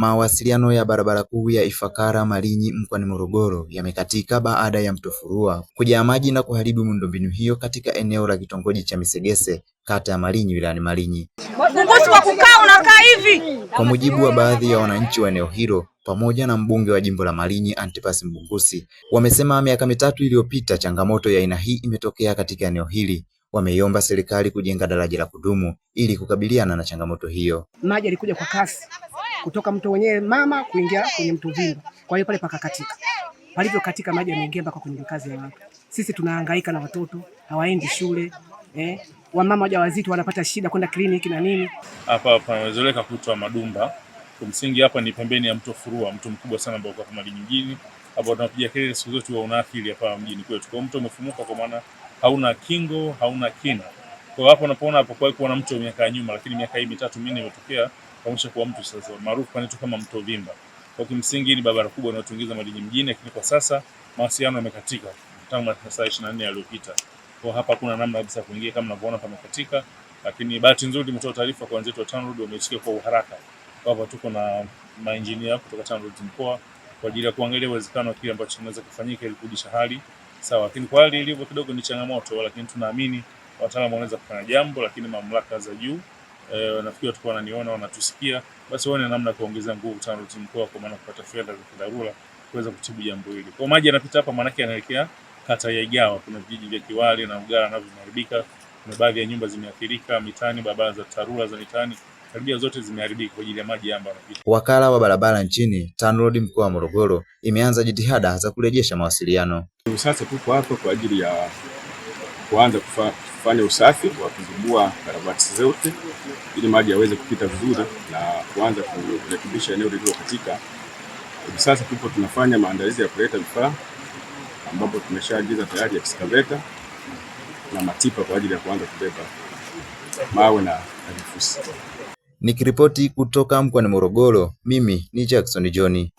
Mawasiliano ya barabara kuu ya Ifakara Malinyi mkoani Morogoro yamekatika baada ya mtofurua kujaa maji na kuharibu miundombinu hiyo katika eneo la kitongoji cha Misegese kata ya Malinyi wilayani Malinyi. Kukaa unakaa hivi. Kwa mujibu wa baadhi ya wananchi wa eneo hilo pamoja na mbunge wa jimbo la Malinyi Antipas mbungusi wamesema miaka mitatu iliyopita changamoto ya aina hii imetokea katika eneo hili. Wameiomba serikali kujenga daraja la kudumu ili kukabiliana na changamoto hiyo. Maji yalikuja kwa kasi kutoka mto wenyewe mama kuingia kwenye mto Vimba. Kwa hiyo pale pakakatika, palivyo katika maji yameingia mpaka kwenye makazi ya watu. Sisi tunahangaika na watoto hawaendi shule eh, wamama wajawazito wanapata shida kwenda kliniki na nini. Hapa panazoeleka kutwa Madumba, kumsingi hapa ni pembeni ya mto Furua, mto mkubwa sana ambao uko hapa mjini. Hapa tunapiga kelele siku zote wa unaathiri hapa mjini kwetu, kwa mto umefumuka, kwa maana hauna kingo, hauna kina. Kwa hapo unapoona hapo kwa kuna mto miaka ya nyuma, lakini miaka hii mitatu minne imetokea kuamsha kwa mtu sasa maarufu pale tu kama Mto Vimba. Kwa kimsingi ni barabara kubwa inayotuingiza madini mjini, lakini kwa sasa mawasiliano yamekatika tangu masaa 24 yaliyopita. Kwa hapa kuna namna kabisa kuingia kama mnavyoona pamekatika, lakini bahati nzuri tumetoa taarifa kwa wenzetu wa TANROADS wameitikia kwa uharaka. Kwa hapa tuko na maengineer kutoka TANROADS mkoa kwa ajili ya kuangalia uwezekano wa kile ambacho kinaweza kufanyika ili kurudisha hali sawa, lakini kwa hali ilivyo kidogo ni changamoto, lakini tunaamini wataalamu wanaweza kufanya jambo, lakini mamlaka za juu eh, nafikiri watakuwa wananiona wanatusikia, basi waone namna kuongeza nguvu TANROADS timu mkoa, kwa maana kupata fedha za kidharura kuweza kutibu jambo hili. Kwa maji yanapita hapa, maanake yanaelekea kata ya Igawa. Kuna vijiji vya Kiwali na Ugara navyo vimeharibika, kuna baadhi ya nyumba zimeathirika mitaani, barabara za TARURA za mitaani karibia zote zimeharibika kwa ajili ya maji ambayo yanapita. Wakala wa barabara nchini TANROADS mkoa wa Morogoro imeanza jitihada za kurejesha mawasiliano. Sasa tuko hapa kwa ajili ya kuanza kufa kufanya usafi wa kuzibua karabati zote ili maji yaweze kupita vizuri na kuanza kurekebisha eneo lililokatika. Hivi sasa tupo tunafanya maandalizi ya kuleta vifaa ambapo tumeshaagiza tayari ya excavator na matipa kwa ajili ya kuanza kubeba mawe na vifusi. Nikiripoti kutoka mkoani Morogoro, mimi ni Jackson Johnny.